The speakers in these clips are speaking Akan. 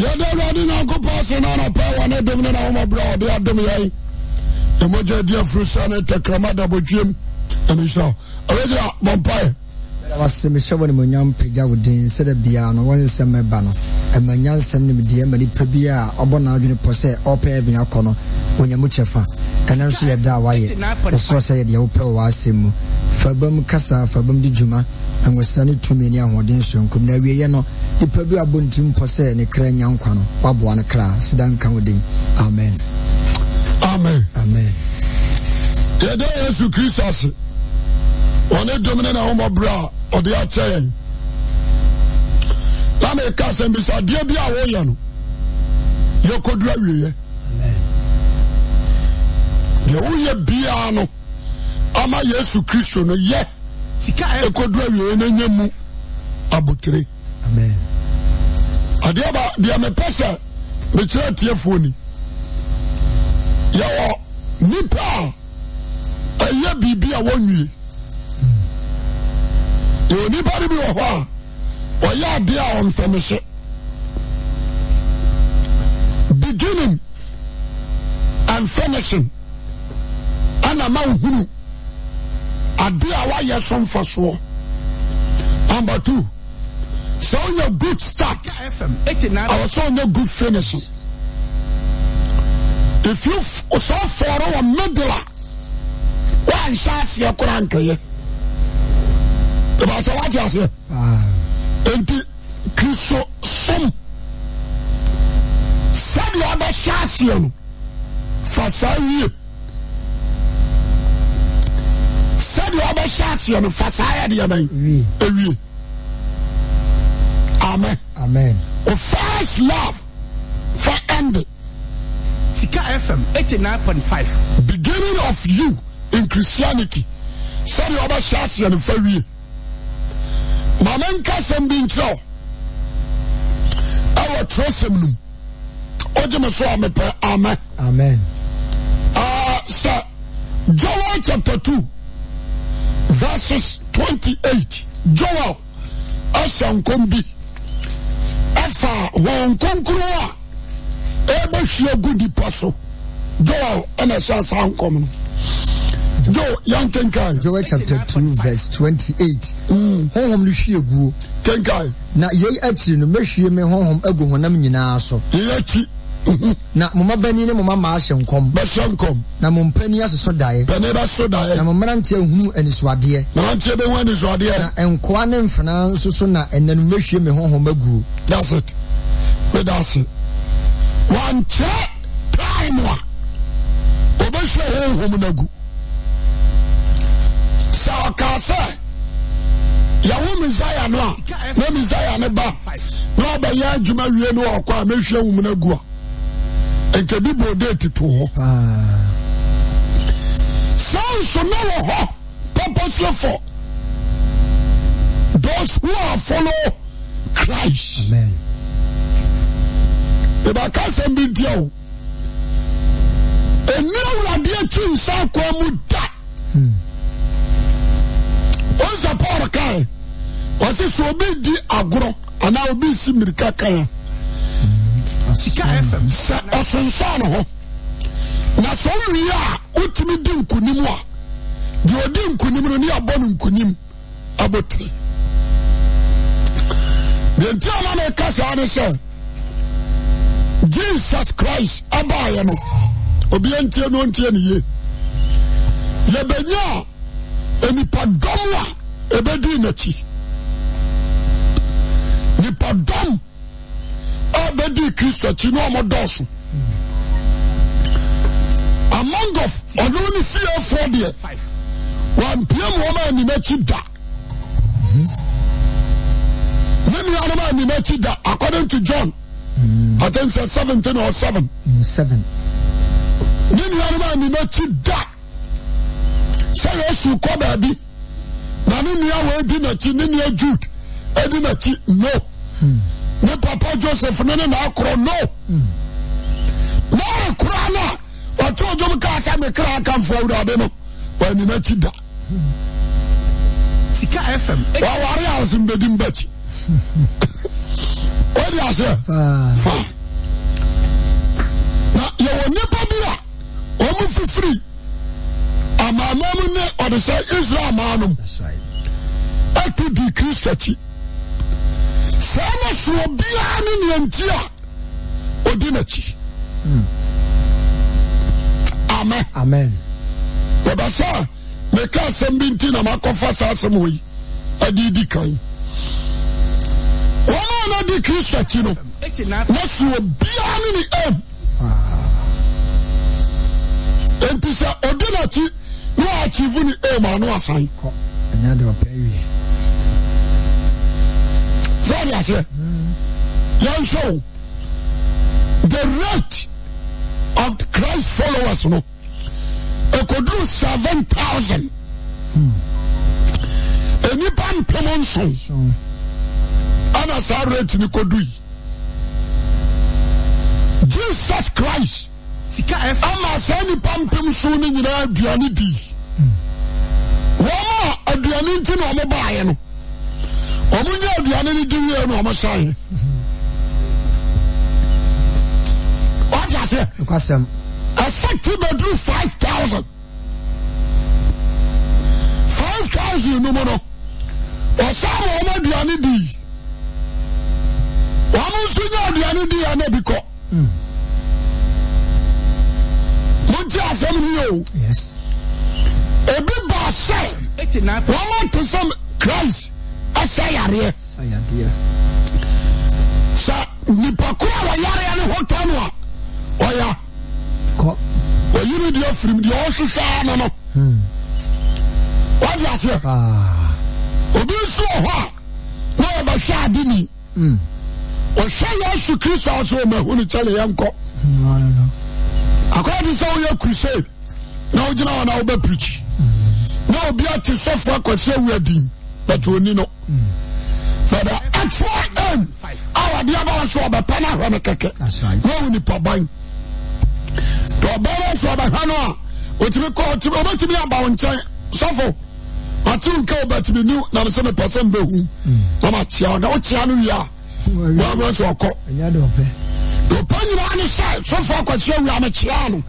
yɛde awurade nyankopɔn se na anɔpa wɔ ne dom ne nahomaberɛ a ɔde adom yɛi ɛmɔgya di afiri sɛ ne tɛkrama dabɔdwiem ɛmehyɛ awɛgyina bɔmpae wase mehyɛ wɔ nemonyam pagya wo din sɛdɛ biaa no wɔn nsɛm no ɛma nyansɛm nimdeɛ ma nipa bi a ɔbɔ n'adwene pɔ sɛ ɔpɛ ɛbea kɔ no onyamu kyɛfa ɛno nso yɛda a wayɛ wosoro sɛ yɛdeɛ wopɛ wɔ w'asɛm mu fa bam kasa fa bam de dwuma anwesa ne tumi ne ahoɔden sonkom na awieɛ no nipa bi abɔ ntim mpɔ sɛ ne kra nya nkwa no waboa no kra sida nka wo den amen amen amen yɛda yesu kristo ase ɔne dom ne nahommɔberɛ a ɔde akyɛ yɛn na meka asɛm bi sɛ adeɛ bi a woyɛ no yɛkɔduru awieɛ deɛ woyɛ biara no ama yesu kristo no yɛ yeah. ienya mu abo adeɛ ba deɛ mepɛ sɛ mekyerɛ ɔtiɛfoɔ ni yɛwɔ nnipa a ɔyɛ biribi a wonnwie yɛwɔ nnipa de bi wɔ hɔ a ɔyɛ ade a ɔmfɛnehye beginning and finishin anama wnhunu ade a wayɛ so mfasoɔ number two sɛ wonya good start ɛwɔ sɛ wonya good finish if you sɛ wofɔɔre wɔ middle a woanhyɛ aseɛ kora nkɛyɛ ɛbɛsɛ woate aseɛ ah. enti kristo som sɛdeɛ wobɛhyɛ aseɛ no fa saa wie sɛdeɛ ɔbɛhyɛ aseɛ no fa saa yɛ deɛ bɛn ɛwie amen amen o first love for end sika fm 89.5 beginning of you in christianity sɛdeɛ ɔbɛhyɛ aseɛ no fa wie maame nka sɛm bi nkyerɛ ɛwɔ twerɛsɛm nom ɔgye me so a mepɛ amen amen uh, sir. John chapter 2 verses 28 joel ɛhyɛ nkɔm bi ɛfa wɔn nkonkoro a ɛbɛhwie gu nipa so joel ɛna ɛhyɛ saa nkɔm no jo yan kenkan. joel chapter two verse twenty-eight. honhom ni hwie guo. kenkan. na yei akyi no mehwie me honhom agu honam nyinaa so. yei akyi. Mhm. na moma banyin ne moma maahyɛ nkɔm na mompani asoso daeɛmomranti ɛhu anisuadeɛ nkoa ne mfena so so na ɛnanumɛhwe me hohomguo wnkyɛ tan noa ɔbɛhwe honhom no gu sɛ ɔka sɛ yɛho mesaia no a ne mesaia ne ba na ɔbɛyɛ adwuma wie no ɔkɔ a mɛhwie hom no gu a eɔ sa nso me wɔ hɔ pɔposlofo dos who a follo christ ebɛaka sɛm bidiɛ o ɛniwadeɛ twu nsankoa mu da ɔnsa par kae ɔ se sɛ obɛ di agoro anaa obi si mmirika kaa sɛ ɔsonsoa ne hɔ na sɛ wo wii a wotumi di nkonim a deɛ ɔdi nkonim no ne yɛabɔ no nkonim abɔtue de nti ɔna na ɛkasaa no sɛ jesus christ abaaeɛ no obi antiɛ no antie neye yɛbanya a anipadɔm a ɛbɛdii nati nipadɔm ɛbɛdi kristo akyi na ɔmo dɔɔso among of ɔno ne fiefoɔ deɛ wampia mu wɔn a nyina akyi da ne nuanom a nyina akyi da according to John mm. I think say seventeen or seven mm, seven ne nuanom a nyina akyi da sɛ yɛsu kɔ baabi na ne nua wɔ edi n'akyi ne nua Jude edi n'akyi no. ne papa josepf no ne naakorɔ no mare kora no a ɔtoojwom kaa sa mekraa kamfoɔ wurade no wanina kyi daware arsembɛdim bakyi wede a sɛ fa na yɛwɔ nipa bi a ɔ mo fifiri amaamamu ne ɔde sɛ israel maa nom ɛti di kristo aki saa na ni biara ne neanti a ɔdi n'akyi amen amen wɔbɛ sɛ meka asɛm bi nti na makɔfa saa asɛm wɔ yi adi di kan wɔn a na di kristu akyi no na soɔ biara ne ne ɛm nti sɛ ɔdi n'akyi na ɔakyivu ne ɛm ano asan. ɛnyɛ de ɔpɛ wie. seaɛys the rat of christ followers no akdu 7 us0 ɛnipa mpenso anasaa rat nekdi jesus christ anasaa nipa mpe so no nyinaa aduane dii ɔrmaa aduane nti n ɔmbaaɛ no ɔmo nyɛ aduane no di wie na ɔmo sae wate aseɛ ɛsɛ two bedroom five thousand five thousand no mu no wɔsan ma ɔmo aduane di ɔmo nso nyɛ aduane di ɛna bi kɔ hmm. monti asɛm ni o ebi ba sɛ wɔn mo te Christ. ɛ ɛ s nnipa koa wɔyare ne hota n a ɔyɛ yi no de firim deɛ ɔhwehwɛa no no wode aseɛ ah. obi nso wɔ hɔ a na ɔbɛhwɛ adeni hmm. ɔhwɛ yesu kristo sɛ ɔmahu ne kyɛle yɛnkɔ hmm, akra te sɛ woyɛ kresei na wogyina wna wobɛ prik hmm. n obi ate sɔfoɔ akɔseɛ wa but oni no for the actual aim a wɔde aba wɔn so ɔbɛpɛ no ahwɛ no kɛkɛ wɔwu nipa ban to ɔbɛn wɔn so ɔbɛhwɛ no a otumi kɔ otumi obetumi aba wɔn nkyɛn sɔfo ɔte nka obetumi niw na sɛ mepɛ sɛ mbehu na ma kyia na ɔkyia no wie a wɔn wɔn so ɔkɔ ɔpɛ nyinaa ne hyɛ sɔfo akɔsi awia me kyia no.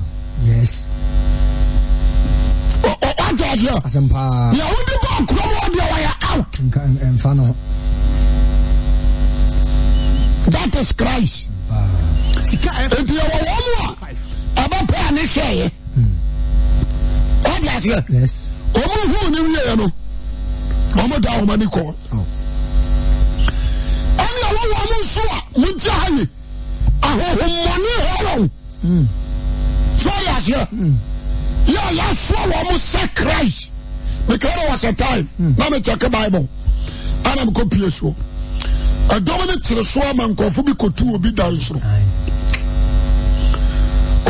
Yes. o o o o o o o o o o o o o out. That is Christ. Nti yɛ wɔ wɔn mu a ɛbɛpɛ a ne hyɛ yɛ. Wadi hmm. aseɛ. Wɔn hu ne wiye yɛ no, wɔn da wɔn ani kɔ. Oh. Ɛni ɛwɔ wɔn mu nso mo ti ha yi, ahohomɔni hɔrɔn. Sɔ yɛ hmm. aseɛ. Yɛ hmm. yɛ sɔ wɔn mu sɛ Christ because there was a time hmm. na me check bible ana mekɔ pie soɔ ɛdɔm no kyere so ama nkurɔfo bi kɔtu obi dan soro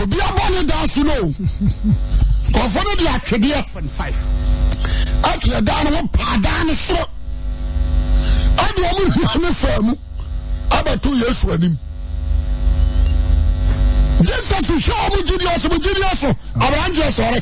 obi abɔ ne dan so no nkurɔfo no de atwedeɛ akyerɛ dan no wopaa dan no soro ade ɔmo hia ne faa mu abɛto yesu anim jesus hwɛ ɔmo gyidiɛ so mo gyidiɛ so hmm. aberanteɛ sɔre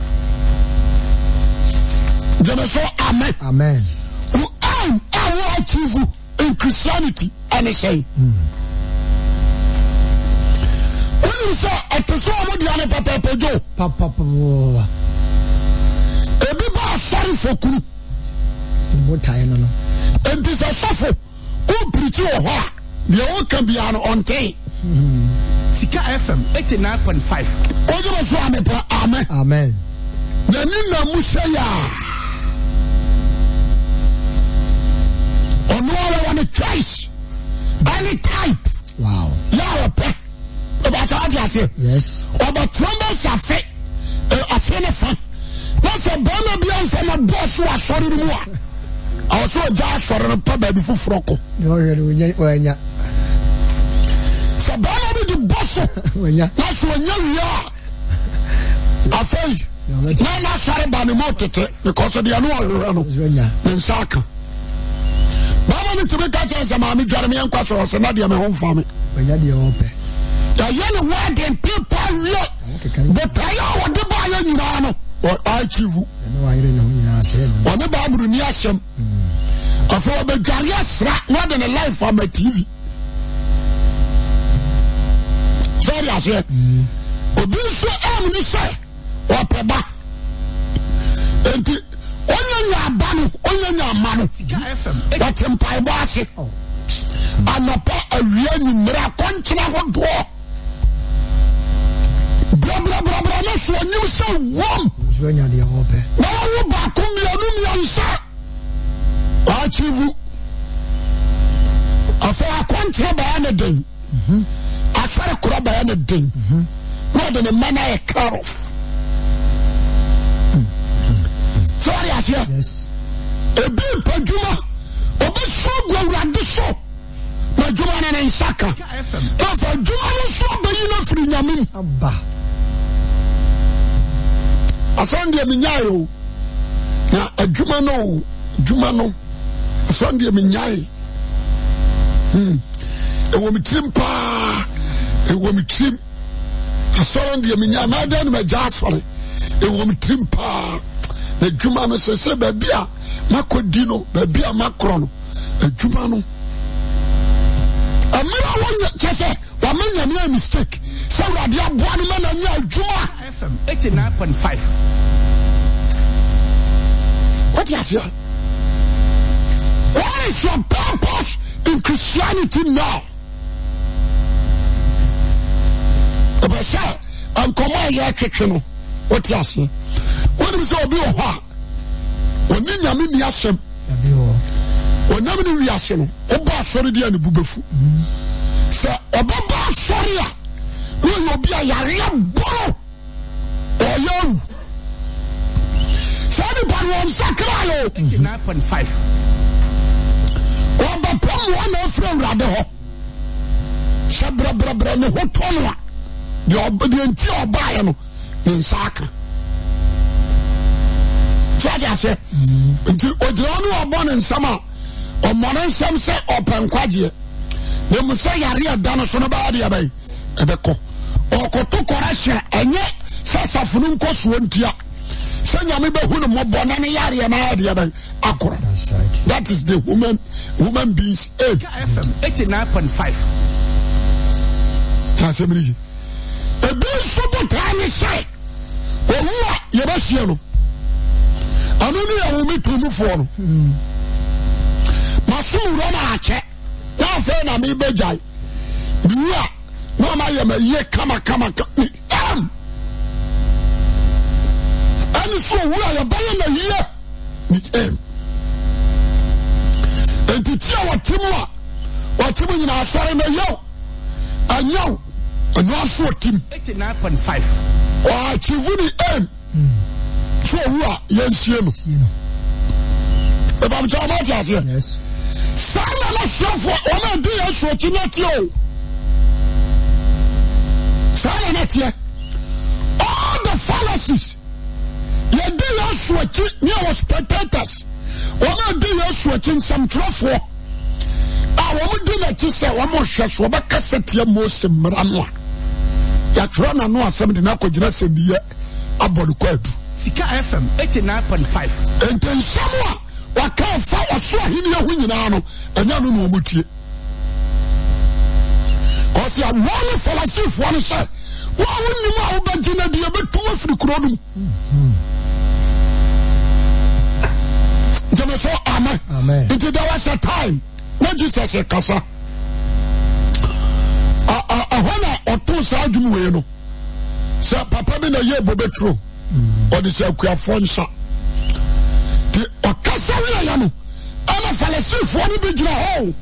af inchristianity nehyɛ sɛ ɛte sowamɔdian papɛpao bibaasare fokur nti sɛ sofo opiriti wɔhɔ a deɛ wɔka bia n ɔnkfm85 nninamus ɔnawwone chice bany tipe na ɔɛ bwaase bataɛs af fa nɛ ban bimfma bosowsɔre no mua aso ɔgya asɔre no pa baadi foforo ko sɛ ban bide bɔso ns nya wia afi na naasare bane mu tete eksdeaneahra nonsaka ban ne teme ka kɛnsɛmaamedware meɛnka ssɛna deɛ mɛ ho mfa me ɛyɛ newaaden pe paa wie epayɛ awɔde bayɛ nyinaa no akhiv ɔne bibre ni asɛm hmm. af ɔbɛdwareɛ sera nɔdene life ama tvɛnɛɛ ɔtempa bɔ ase oh. anɔpa awi imr akonkenɛ kodoɔ brabrarara ne sanyim sɛwom baawo bako minnsa waakyvo aakonkyerɛ baa ne den mhm. asare krobayane den mhm. noɔdene maneyɛ karof eaɛ mm. mm. ebi mpa adwuma ɔbɛsɔ agu awurade so na adwuma no ne nsa ka nafa adwuma no so abɛyi no afiri nyame mu asɔn deɛ menyae o na adwuma no o adwuma no asɔn deɛ menyae hmm. ɛwɔ me tirim paa ɛwɔ me tirim asɔre deɛ menyae na adɛn no magya asɔre ɛwɔ me tirim paa adwuma no sɛ baabi a no baabi a makorɔ no adwuma no a wɔyɛ kyɛ sɛ a mistake sɛ aboa no ma adwuma wode aseɛ What is your purpose in Christianity now? ɛbɛ sɛ nkɔmɔ a yɛatwetwe no wote aseɛ wonem sɛ ɔbi wɔ hɔ a ɔne nyame nu asɛm ɔnam no wi ase no wɔba sɔre de a ne bu bɛfu sɛ ɔbɛba sɔre a ne ɔyɛ obi a yareɛ boro ɔyɛ aru sɛ anipano ɔnsakrayɛo5 ɔba pɔ moa na afiri awurade hɔ sɛ berɛbrɛberɛ ne hotɔ no a deɛ ntia ɔbaeɛ no ne nsaaka tiade aseɛ nti ogyina ɔne ɔbɔ ne nsɛm a ɔmmɔne nsɛm sɛ ɔpɛ nkwagyeɛ na mu sɛ yare ɛda no so no bɛyɛ deɛ bɛyɛ ɛbɛkɔ ɔkɔto kɔrɛhyɛ ɛnyɛ sɛ safono nkɔ soɔ ntia sɛ nyame bɛhu no mmɔbɔ na ne yareɛ no ayɛ deɛ bɛyɛ akorɔ that is the human human beings aid ebi nso botaa ne sɛ owu a yɛbɛhyia no annawometmf masowurma akɛ nafɛ na me ibejai miwa nma yɛma ye kamakama iem ane so wa yɛbɛlena ye ni em anti tia wa timwa atimwyim asɔrena ye ayɛ anea soatim akiv n ém so owu a yɛnsie no ɛbamkyɛ ɔmaate aseɛ saa na nasoafoɔ ɔma adi yɛ asuakyi no ateɛ o saa na na teɛ all the fallacies yɛdi yɛ asuakyi ne ɛwɔ spectators wɔn a di yɛ asuakyi nsɛmtwerɛfoɔ a wɔn di n'akyi sɛ wɔn hwɛ so wɔbɛkasa tia mose mmara no a yɛatwerɛ n'ano asɛm de n'akɔgyina sɛnniɛ abɔ ne kɔ adu 5ntnhyɛm a wka fa ɔsohenniɛho nyinaa no ɛya no nɔmɔe sa wɔne falacifoɔ no hyɛ woa wo num a wobɛgyina bia bɛtu wa firikuronum yme so am nti dɛ wɔhɛ time na jesus kasa asaa dwuei nsɛpapa bi nayɛbɛtuo ɔdesɛ akuafoɔ nhyɛ ti ɔkasɛ wiɛyɛ no ana farisifoɔ no bi gyina ho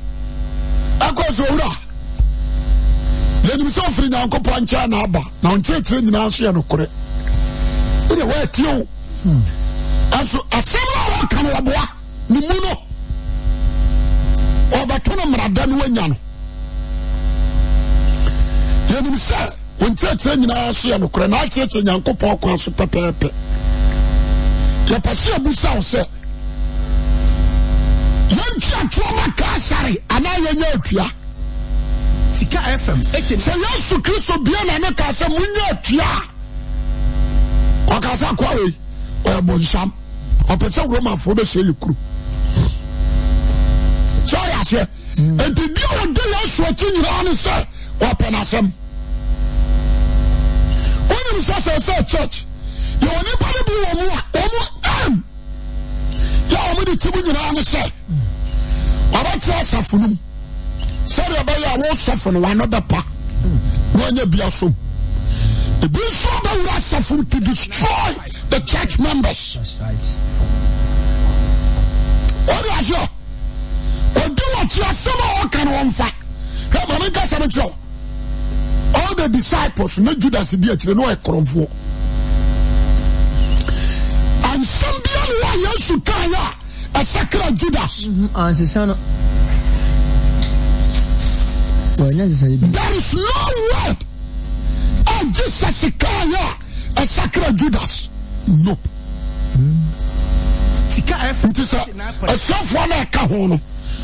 ɛk sɛ wur yɛnim sɛ ɔfiri nyankopɔn nkyɛ naaba naɔnkyɛatire nyinaa so yɛ nokorɛ yɛ wyɛ tio ɛnso asɛm no maɔka noaboa ne mu no ɔbɛto no mmarada no wanya no ɔntiatrɛ nyina so ɛ nokorɛ naateɛkyɛ nyankopɔn ko a so pɛɛɛpɛ yɛpɛseab sao sɛaa aare nya aa yesu kristo baan sɛ monya aa asaaeiaɛɛoafo ɛyɛ ɛɛɛ nyia ɛ wọn sọ sọ sọ church yẹ wọn nípa níbi wọn mu a wọn mu ẹm yẹ wọn di tìmú nyinaa ni sẹ ọba tí a sàfù nù sẹbi ọba yẹ a wọn sọfù nù wọn anọdẹ pa wọn nyẹ bia so ebi nso ọba wura sàfù to destroy the church members wọn yà sọ ọdún wọn ti asẹmọ ọkàn wọn fa ẹ bàmí nkà sẹbi tí jasɛ ansɛm bia no wɔayɛ sukaɛ a ɛsɛkra judasrs nowd agye sɛ se ka eɛ a ɛsɛkra judas nonti sɛ asamfoɔ na ɛka ho n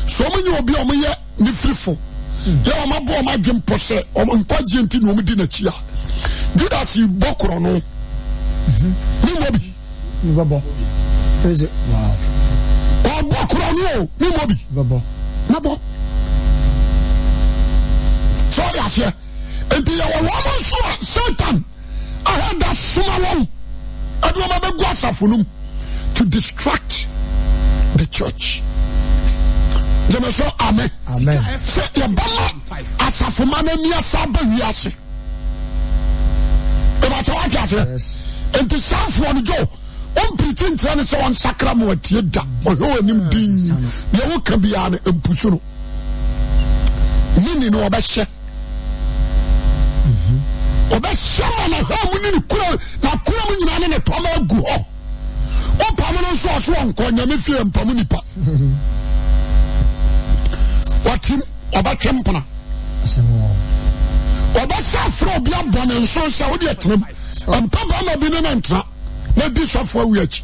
sɛ ɔmnyɛ obi ɔmyɛ nfifo yɛ ɔma bɔ ɔma dwe mpɔ sɛ nkwagyeɛ nti na ɔmdi n'akyi a judas bɔ korɔ no memmɔ bi ɔbɔ korɔ no o memmɔ bi mɛbɔ sɛ ɔde aseɛ nti yɛwɔ wɔn mo nso a satan ahada soma wɔn ɛde wɔn abɛgu asafo no mu to distract the church jẹmẹ sọ amen sẹ yẹba ma asafoma na ni asa ba wi ase ìbàtà wà ti ase nti sáfù ọ̀nì jọ wọn pìrìtì ntina ni sẹ wọn sakra mu ẹtìẹ da ọhẹ wọn anim dín yẹ wọn kàn bi ya ni mpusu no nínú ni ọbẹ hyẹ ọbẹ hyẹ mu na hẹ mu ni ni kura na kura mu nyinaa ni ni tọ́ ma gu họ wọn pàmò ní nsọ ọsọ ọ̀nkọ nyàmé fi ẹ̀ mpamu nípa. Mm-hmm. tim ɔbɛtwe mpona ɔbɛsɛ afrɛ obi abɔne nso sɛ wode atenam ɛmpa bama bi ne no ntena na di sɔfoɔ awi akyi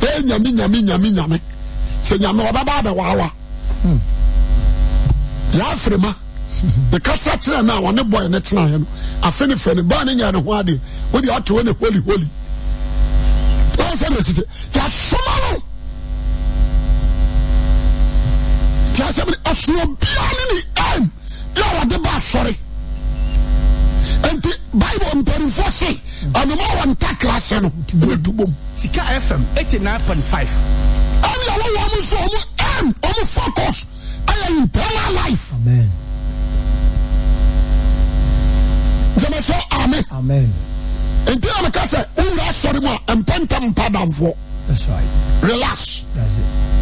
ɛ nyame nyame nyame nyame sɛ nyame ɔbɛba abɛwaawa hmm. yɛafrɛ ma mekasa kyerɛ no a ɔne bɔɛ ne tenaeɛ no afe ne fɛ no baa ne nya ne ho ade wode ato ne holi holi sɛ ne site yɛsoma no tí a sẹ bi ẹsùn obiara ni ẹm yà wà dé bá asọrẹ nti baibu mpanyinfo se ọdunmọ wọn ntakira se no ebi dubo mu. sika fm eighty nine point five. ẹni àwọn wọn mu sọ wọn ẹm wọn focus ẹyẹ internal life. amen. jẹmẹ sọ amen. nti ẹni ká sẹ wọn wúlò mu a eh, mpẹntẹ mpadàmfọ. that's right. relax. that's it.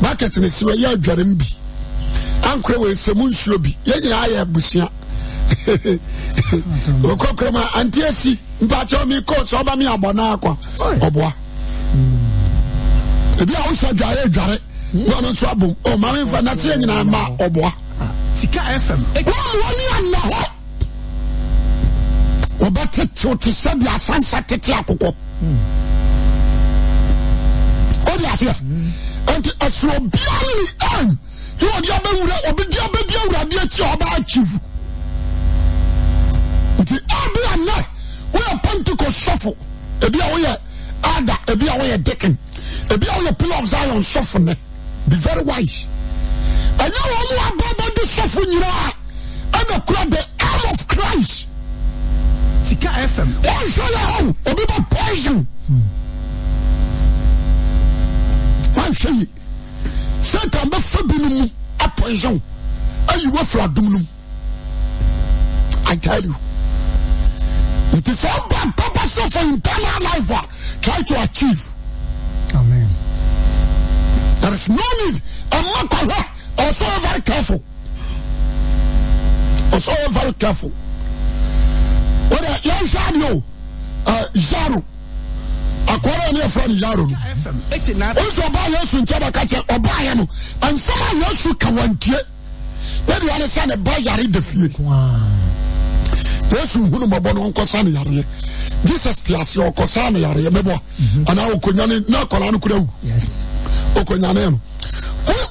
bucket ne siwa yɛ adware m bi ankorɛ wɔ nsɛmu nsuo bi yɛn nyinaa ayɛ abusua wɔkɔkorɛ mu a ante asi mpakyɛw mi kɔɔ sɛ ɔba mi abɔ naa kwa ɔboa ebi a wosɛ adware adware hmm. na ɔno nso abom o maame nfa na se yɛ nyinaa ma ɔboa ah, sika fm wɔn ni ana hɔ wɔbɛ tetew te sɛ de asansa tete akokɔ ɔde hmm. aseɛ. nti ɛsoro biara ni ɛn tí ɔdi abɛwura ɔbi di abɛdi awurade akyi a ɔba akyivu nti ɛbi anɛ woyɛ pentecost sɔfo ebi a woyɛ ada ebi a are deacon ebi a woyɛ pillow of zion sɔfo ne be very wise ɛnyɛ wɔn mu ababa di sɔfo nyinaa ɛna kura the arm of christ. sika fm. wɔn nsọ yɛ hɔ obi bɛ poison. Hmm ahwɛ yi satan bɛfa bi no mu apɔyɛ wo ayi wafiri adom no mu I tell you. It is all by purpose of internal life. Uh, try to achieve. Amen. There is no need. I'm not aware. Also very careful. Also very careful. Whether you have o uh, zero akwara ne yɛfrɛ no yaro no wosɛ ɔbaa yesu nkyɛ bɛka kyɛ ɔbaeɛ no ansɛm a yesu ka wantie ne deɛ ne sɛ ne ba yare da fie yesu hunu mɔbɔ no ɔnkɔsa no yareɛ jesus te aseɛ ɔkɔsa no yareɛ mɛbɔ Ana ɔkɔnyane na akwaraa no kora wu ɔkɔnyane no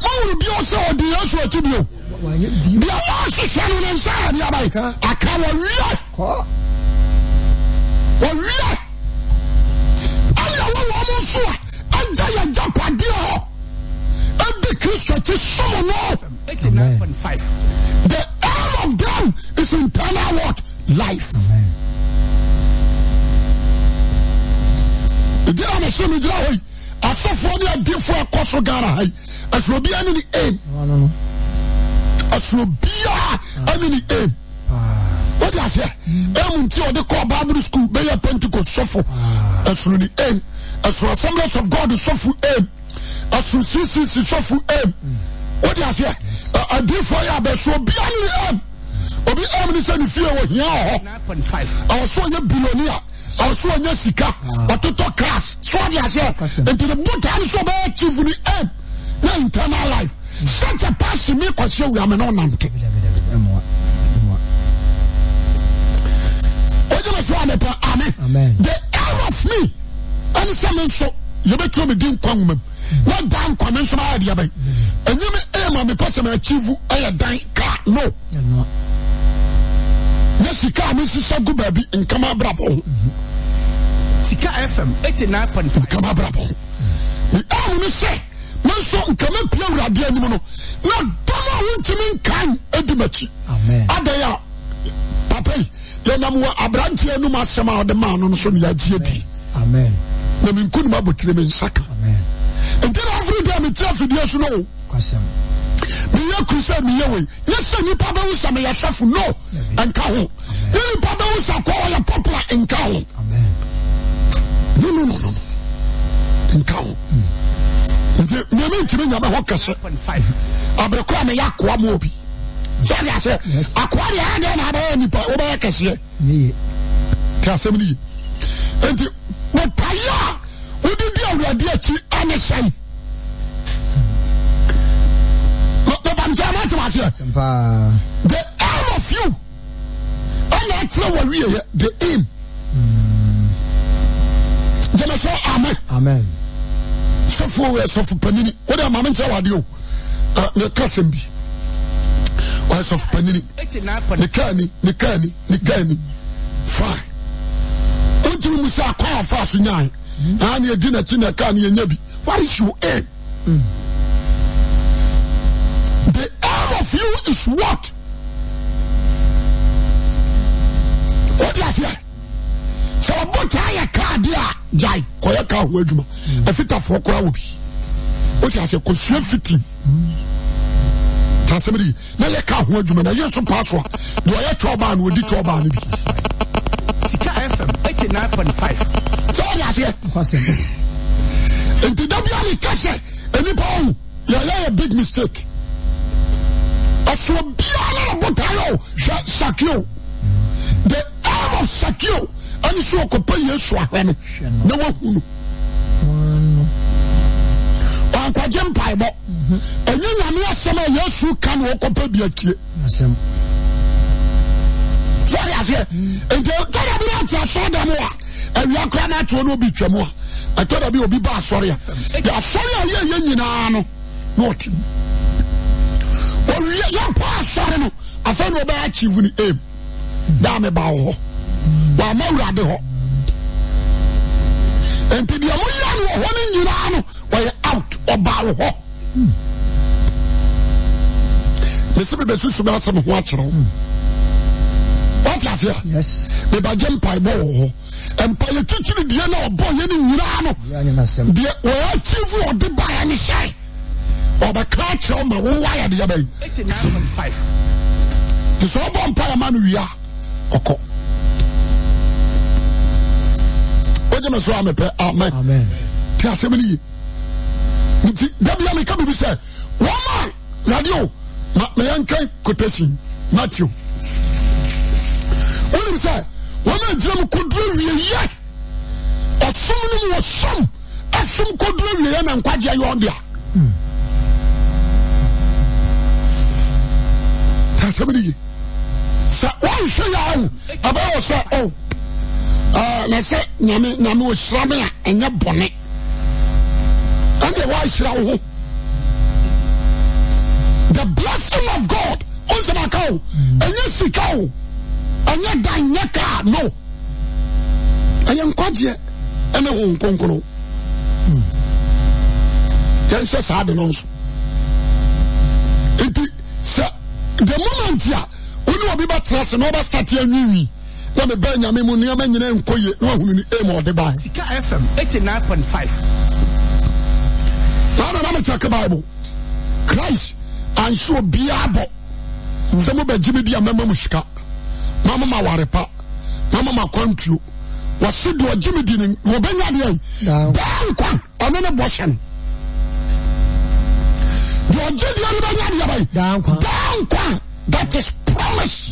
mawuru bi ɔsɛ ɔde yesu akyi bio deɛ wɔhyehyɛ no ne nsa yɛde abae aka wɔwie nso a agya yɛ agyapadeɛ hɔ ɛdi kristo ti sọmọ náà the aim of them is internal what life. ìdí àwọn ẹ̀sìn mi gyina hɔ yìí asọ́fọ́ ni adífọ́ ẹ̀kọ́ so gara ha yìí ẹ̀sùn obiara ni ni aim ẹ̀sùn obiara ẹni ni aim. ti aseɛ emu nti ɔde kɔ bible school bɛyɛ pentecost sɔfo ɛsoro ah. ni aim ɛsoro assemblies of god sɔfo aim ɛsoro ccc sɔfo aim o ti A ɛdinfo yɛ abɛso obi ani aim obi aim ni sɛ ne fie wɔ hia wɔ hɔ ɔso ɔnyɛ bilonia ɔso ɔnyɛ sika ɔtotɔ ah. class so ɔdi aseɛ nti ne buta ani so ɔbɛyɛ chief ni aim na internal life such a person mi kɔ se wia mi na ɔnante. e ofme ɛmɛme ns yɛɛmedinnkwa wuma a nkwa edɛ ɛim mamepɛ sɛme akiv yɛ d ka no yɛ sika mesisa go baabi nkamabrababrb ɛhum sɛ men nkama pawraeɛnn am a wotimi nkan adimaki adaa am rntn d sọọdi ase akoa de ayɛ dɛn na abɛyɛ nipa wobɛyɛ kɛseɛ te asɛm ne ye nti wɔpayɛ a wode di awurade akyi ɛne hyɛe wɔbamkyɛ matem aseɛ the aim of you ɛna ɛkyerɛ wɔ wieyɛ the aim gyeme hmm. sɛ amen sɔfoɔ wɛ sɔfo panini wode amame nkyerɛ wade o meka sɛm bi asɔfo panini ne kaa Nikani, ne kaa ni ne kaa ni fine wontumi mu sɛ akɔ afa so nyae hmm. naa ne yɛdi n'akyi na kaa ne what is your aim hmm. the aim of you is what wode aseɛ sɛ ɔbɔ taa yɛ kaa de a gyae kɔyɛ kaa ho adwuma ɛfitafoɔ hmm. koraa wɔ bi wote aseɛ kɔsua fitin mm. tasɛm di na yɛka ho adwuma na yɛnso paa so a ɔyɛ twɔbaa no ɔdi twɔbaa no bi fm sɛ ɔde aseɛ nti da bia meka sɛ nnipa o yɛyɛ yɛ big mistake ɔsoɔ biara na botaeɛ o hwɛ sakio the arm of sakio ɛne so ɔkɔpɛ yesu ahwɛ no na wahu no ankɔgye mpaebɔ ɛnyɛ nyame asɛm a yesu ka na wɔkɔpɛ bi atie aseɛ nti tɔda bi n'ate asɔre dɛm a awia kora n'atoɔ no bi twam a ɛtɔda bi obi ba asɔre a de asɔre a yɛyɛ nyinaa no na ɔte ɔwie yɛpɔ asɔre no afei na ɔbɛyɛ achieve ne aim daa me ba wɔ hɔ wɔama awurade hɔ ɛnti deɛ woya n wɔ hɔ no nyinaa no wɔyɛ out ɔbawo hɔ ne sɛ mebɛsusuma asɛm ho akyerɛw wofase a mebagye mpae bɔwɔ hɔ ɛmpayɛkwikyirideɛ na ɔbɔ hɛne nyinaa no deɛ wrakyiifo ɔde ba yɛ nehyɛe ɔbɛka akyerɛw ma wowayɛdeɛbayi nti sɛ obɔ mpayɛma no wie ɛa ma io y a na iram kd awiyɛ ɔso nmwso aso kd awiɛna yɔɛ ɛ yaa na sɛ nyame ɔhyira me a ɛnyɛ bɔne ɛne woahyira wo ho the blessing of god wosɛm aka o ɛnyɛ sika o ɛnyɛ dan nyɛ kaa no ɛyɛ nkwagyeɛ ɛne ho nkonkro yɛnhyɛ saa de no nso nti sɛ the moment a wo ne ɔbi bɛtena se na wobɛsate anwiinwii na me nyame mu nneɛma nyina nkɔ ye na wahunu ne ɛma ɔde bae sika fm 89.5 saa na na mekyɛke bible christ anhyɛ obiaa bɔ sɛ mobɛgye me bi a mɛma mu sika na moma ware pa na moma kwantuo wɔse deɛ ɔgye me di ne wɔbɛnya deɛ bɛɛ nkwa ɔno ne bɔhyɛ no deɛ ɔgye deɛ no bɛnya deɛ bɛe bɛɛ nkwa that is promise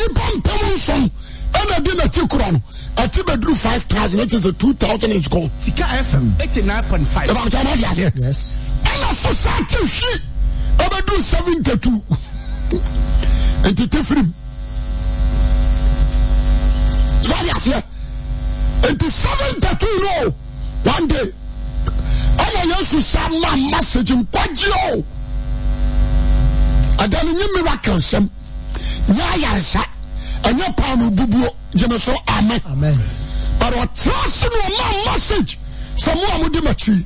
nipa mpam nson ɛna di n'akyi kura no ɛti bɛ duru five thousand ɛti sɛ two thousand is gone. sika fm eighty nine point five. ɛbá ɛbá ase. yes. ɛna ɛbɛ duru no one day ɛna ma message o miracle sɛm. yɛayaresa ɛnyɛ pawno bubuo gine so ame but ɔtrɛ se no ɔma message sɛ moa mode makyi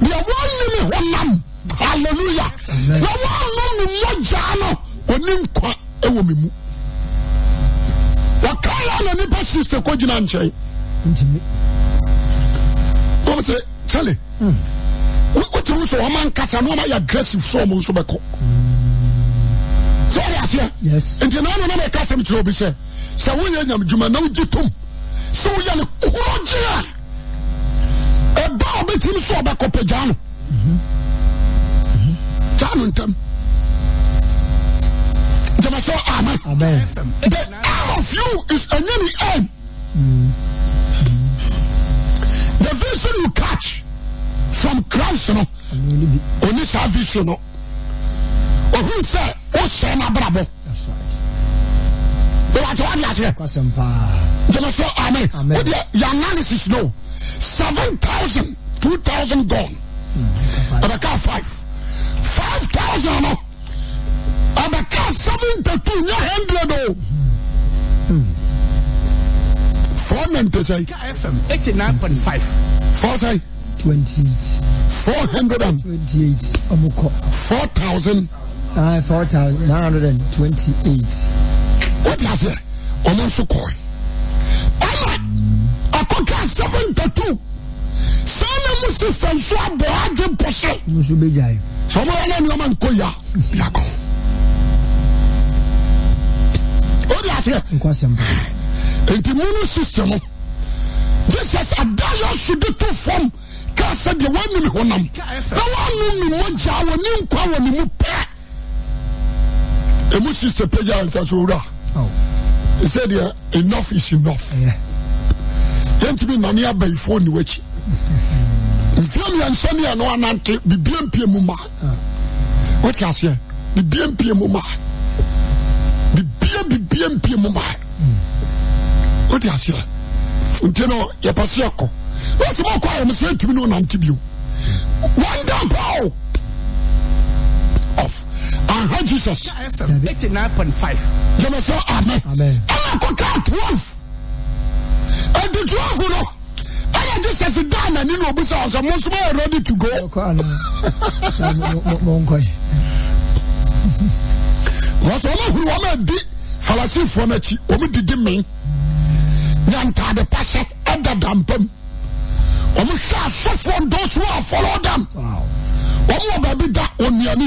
bia wɔnimi honam alleluya nɛwɔnom nommoga no ɔnim kwa wɔ me mu ɔka ra nanipɛ si ste kɔgyina nkyɛn m sɛ kyɛle wotii so wɔma nkasa no mayɛ aggressive sɛm nso bɛkɔ sɛwaseɛ enti nanonamɛkasɛmkyerɛobisɛ sɛ woyɛ nyam wumanawgyi tom sɛ woyɛne krogyera ɛba bɛtim soɔbɛkɔpɛ jano janonam jamasɛ ama the arm of you is ayani am the vision you catch from crist no on saa vision ohun sɛ o sɛ na abrabɔ wàtí wàá di aseɛ jẹmẹsọ amen o de yà analysis no seven thousand two thousand gone abaka hmm, five five thousand no abaka seventy two nyɛ hundred o. Hmm. four ninety say. KFM eighty nine point five. four say. twenty eight. four hundred and twenty eight. four thousand. Uh, 4,928. and twenty-eight. What is does it? Almost a coin. Emma, I could get 72. Sana musu sansu abo aje bose. Musu be jai. Somo yana ni ọmọ nkọ ya. Yako. O de ase. Nkwasem. Nti munu system. Jesus adayọ sudu to fam. Kaa sẹ de wa nyimi honam. Na wa nu mi mọ ja wọ ni nkwa ni mu emu sista pagya nsaso oh. He said, "Yeah, enough is enough yɛntumi nane abayifoɔ ne wakyi mfeɛ mmiɛnsa ne a na wanante bibia mpie mu ma oh. wote aseɛ bibia mpie mu ma bibia bibia mpie mu ma hmm. wote aseɛ nti no yɛpɛ sɛ yɛkɔ na sɛ mɔkɔ a yɛm sɛ ntumi ne wonante bio hmm. wanda paa o aha oh, jesus. eighty nine point five. jẹ́mi sọ amen. amen. ẹ̀rọ kọ̀ọ̀kan twelve. ẹ̀dì twelve nọ. ɛyɛ jesus daa n'ani na obusa ɔsɛ mo nso ready to go. wọ́n sọ wọ́n huru wọ́n adi falasifoɔ n'akyi wọ́n didi mi nyantaade pasɛ ɛda dampam wọ́n hwɛ asɔfoɔ dɔsɔ a fɔlɔ dam wọ́n wɔ baabi da onuani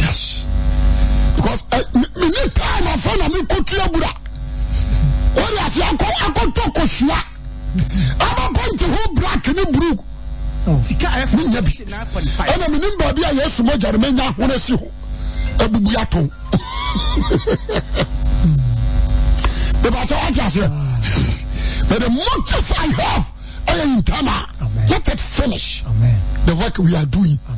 Yes. Because eh, mi ni time afọ na mi kò tiẹ̀ bura. O de ase akọ akọtọ kò to Aba pọnti ho black ni blue. Oh. Sika ẹfọ mi nya bi. Ẹna mi ni baabi a yẹn sumọ jari mi nya ahoro si ho. Ebubu ya to. Bébà sọ wá ti ase. But ah. the motive I have. I am Tama. Let it finish Amen. the work we are doing. Amen.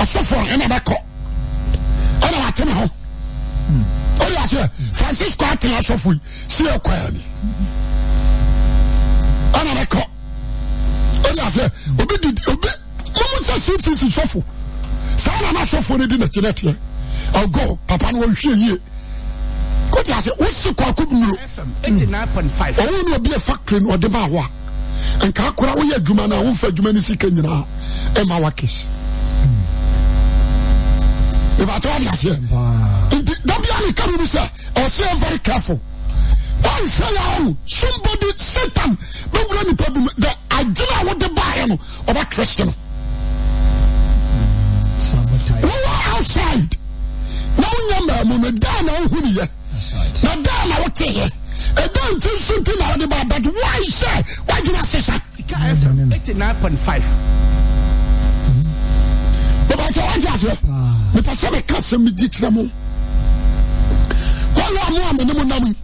asɔfo ɛna bɛkɔ ɛna wate ne ho ɔde aseɛ francisco atena asɔfo yi si ɛkɔ ani ɛna bɛkɔ ɔde aseɛ obi didi obi mumu sɛ sisisi sɔfo saa na n'asɔfo ne di n'akyi n'ɛteɛ ɔgɔ papa no wɔhwie yie kóòtù ase wọ́n si kọ́ akóbìnrin ọ̀hún ni obi yẹ factory ni ọ̀dẹ́ bá wà nkà akora wọ́n yẹ adwuma náà wọ́n fẹ́ adwuma ní sika nyinaa ẹ̀ máa wá ìbàtí wà ní aseɛ nti dabi a nìkan mi sɛ ɔsɛ very careful wọn sɛ yà ɔwò somebody satan bɛ wura nipa bi mu the adwuma a wɔde baayɛ no ɔba kristu no wọ́n outside na wọ́n yẹ mẹ́ẹ̀mú na dan na wọ́n hu nìyẹ na dan na wọ́n ti yẹ ẹ̀dá nti nso na wọ́n ba but wọ́n ayé sẹ́ wọ́n adwuma sísá. sika fm eighty nine point five sɛ wagye aseɛ mepɛ sɛ meka sɛ megye kyerɛ mo a mo a mene mo nam a mo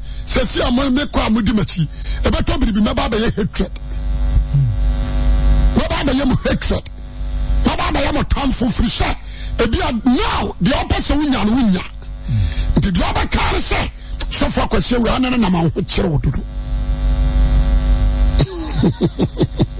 ne kɔ a modi makyi ɛbɛtɔ biribi mɛba hatred mɛba mo hatred mɛba mo tamfo firi sɛ deɛ sɛ wonya no wonya nti deɛ sɛ sɔfo nam ahokyerɛ wo dodo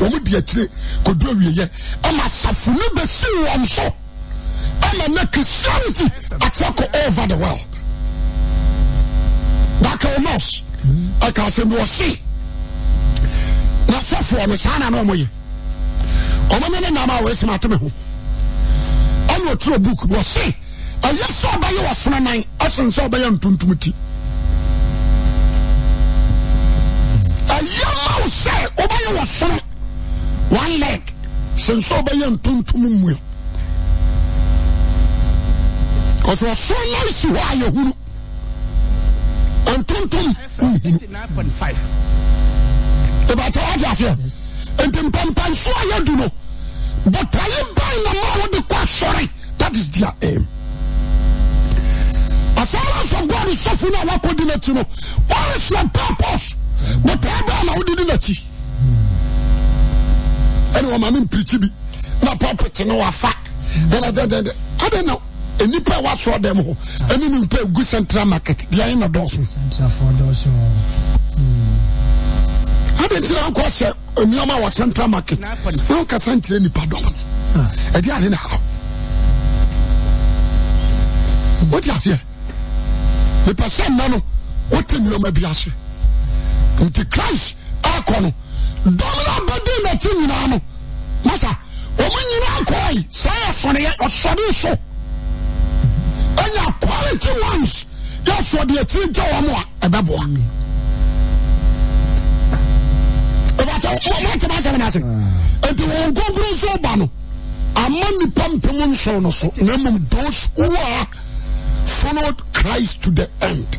ome biakr dy ma asafo no besi wnso ɛmanekesamti atk over the world dakelnos ɛka sme se nasofoɔ ne san mh ɛnrobokse ɛye sɛ ɔbɛy sero nan ɛsensɛ bɛyɛntontmti yma sɛ wobɛyw sero one leg sensɛ ɔbɛyɛ ntontom mmue ɔsɛ ɔsoro nan si hɔ a yɛhunu ntontom nhunu ìbàtà wàdí àfẹ nti mpampanso a yɛdu no bọtayi ban na mmaa wɔde kɔ asɔre that is their aim assemblies of God sɔfo no a wakɔ di n'akyi no wɔn ahyɛ purpose bọtayi ban na wɔde di n'akyi. ɛne wɔn maame mpirikyi bi na pulpit no wafa dɛdɛdɛdɛ adɛ na nipa a wasɔ dɛm hɔ ɛne ne nipa egu central market deɛ na dɔɔso. Hmm. adɛ ntina nkɔ sɛ nneɛma wɔ central market na nkasa nkyerɛ nipa dɔm no ah. ɛdi ade na ha o ti aseɛ nipa sɛ nna no o te nneɛma bi ase nti christ akɔ no. dmna bɛdi naki nyinaa no masa ɔma nyina koi sɛ yɛsɔneɛ ɔsɔde so ɛnya kwarity ons yɛsɔ de atir gya wa m a ɛbɛboa tmsɛɛnase ah. enti wɔ konkuru nso w ba no ama nipa mpɛmu nhɛw no so na mom thos who a followe christ to the end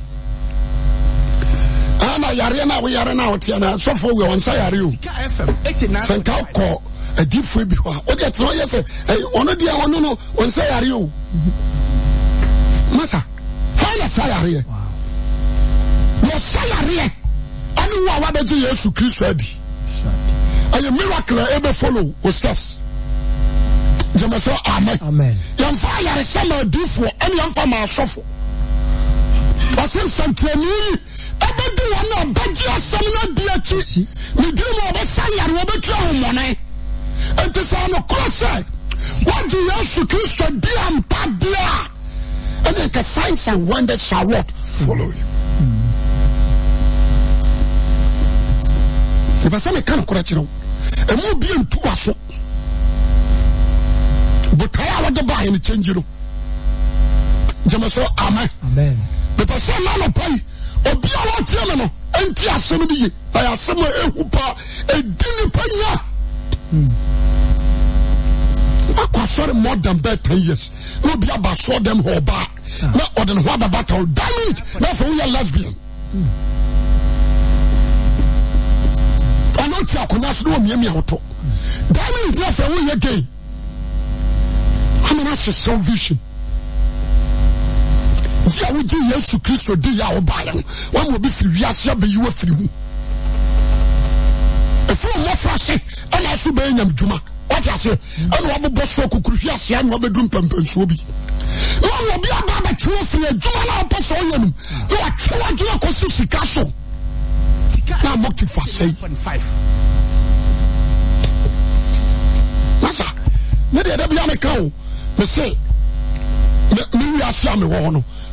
ana yareɛ no a woyare no a woteɛ no sɔfoɔ wia ɔnsa yare o sɛ nka kɔ adifoɔ bi hɔ a wode tena ɔyɛ sɛ ɔno deɛ ɔno no ɔnsa yare o masa hwan na sa yareɛ wɔsa yareɛ ane wo a wabɛgye yesu kristo adi ɛyɛ miracle a ɛbɛfollow wo steps gyama sɛ amen yɛmfa ayaresɛ ma adifoɔ ɛne yɛmfa ma asɔfo ɔse nsɛntuani bage asɛm no adiaki e dim ɔbɛsa nyarewɔbɛta homɔne nt sɛ anokorɔ sɛ wage yesu kristo di ampadeɛa ɛeka sisan onde shawa folo ɛsɛmeka nkorɛkerɛ ɛma bintua so bota a wode baɛne kyanyi no gams amɛɛ ɛnti asɛm no ye na yɛasɛm a ɛhu paa ɛdi nipa nya wakɔ asɔre more than bɛɛ ten years na obi aba asɔre dɛm hɔ ɔbaa na ɔde ne ho ababata o damn it na afɔ woyɛ lesbian ɔno ti akonnwa so na wɔmiamia wo to damn it na afɔ woyɛ gay amana hye salvation di a wogye yesu kristo di yɛ a wobaeɛ no wama obi firi wiase abɛyi wa firi mu ɛfiri mmɔfra se ɛna ɛso bɛyɛ nyam dwuma wate aseɛ ɛna wabobɔ soɔ kukuruhwi ase ana wabɛduru mpampansuo bi na ɔne obi aba abɛtwe wo adwuma no a wopɛ sɛ woyɛ nom na watwe w'adwene akɔsi sika so na mɔktifa sɛi masa ne deɛ da bia meka wo me se me wiase a mewɔ hɔ no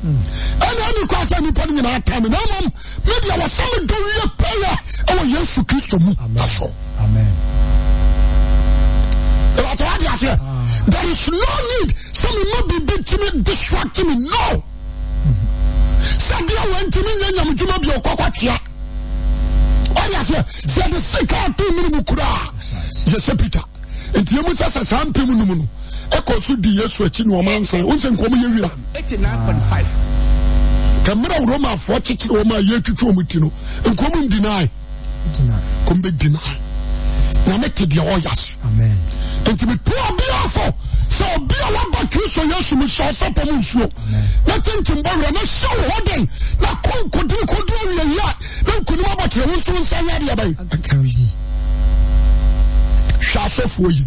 ɛna ɛnikɔ asɛ nipa no nyinaa ta mi na mmom mi deɛ wɔsɛ mi dɔn yɛ pɛyɛ ɛwɔ yesu kristo mu aso. ɛwɔtɔ wa di aseɛ ah. there is no need sɛ mi ma bibi ti mi distract mi no sɛ deɛ wɔn mi nyɛ nyamudwuma bi ɔkɔkɔ tia ɔdi aseɛ sɛ de sika ato mu ni mu kura yɛ sɛ peter nti emu sɛ sɛ saa mpem numu no. ɛkɔ so di yesu akyi na ɔma nsa wo sɛ nkɔm yɛ wira ka mmerɛ romafoɔ kyekyere wɔm a yɛatwitwa ɔm ti no nkɔm ndinae kɔm bɛdinae nyame te deɛ ɔyɛ ase nti metoa biaa fo sɛ obi a waba kristo yesu mu hyɛ ɔsɛpɔ mu nsuo na tentim bɔ werɛ na hyɛ wo hɔ den na kɔnkodiri kɔdu awiayi a na nkonim abɔkyerɛ wo nso wo nsa yɛ adeɛ bɛyi hwɛ asɔfoɔ yi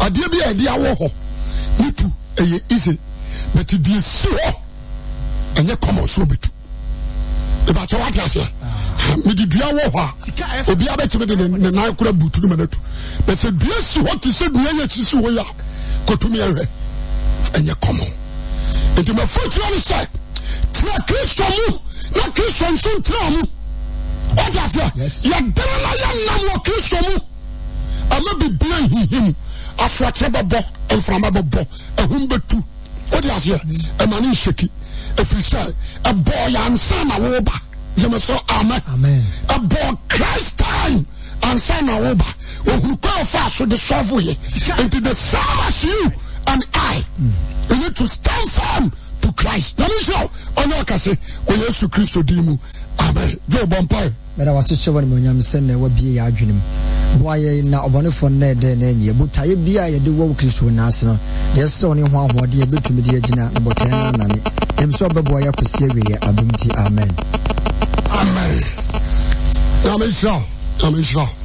adeɛ bi a yɛde awɔ hɔ ne tu ɛyɛ easy but deɛ si hɔ ɛnyɛ kɔmɔ so bɛtu ìbàtí wa ti ase ah. ah, mìdì dua wọ hɔ a obi abɛtumi de ne nan kura butu ma n'atu bɛsɛ dua si hɔ ti sɛ dua yɛ si si hɔ yɛ kotumi ɛhwɛ ɛnyɛ kɔmɔ nti mɛ fotuo sɛ tena kristu mu na kristu nso ntena mu ɔdi ase yɛ dɛrɛ na yɛ nam wɔ kristu mu. ala bebla hiim aswak bb faa bb aumbt dy mn nseki fri yansanb m m crist tim ansnb huu fasde nt hesaas u an i hmm. ne to stan firm to Christ. Nyame nhyira wo ɔne ɔkɛse wɔ Yesu Kristo din mu. Amen. Dwo bɔ mpae. Mɛda w'asehwɛ wɔ nimonyam sɛ na wabie yɛ adwene mu. Boa yɛn na ɔbɔnefoɔ no ɛdɛ na anyiɛ. Botaeɛ bi a yɛde wɔ Kristo n'ase no, yɛ sɛ wo ne ho ahoɔden yɛbɛtumi de agyina botaeɛ no anane. Yɛm sɛ ɔbɛboa yɛ akɔsi awieɛ abom nti amen. Amen. Nyame nhyira wo. Nyame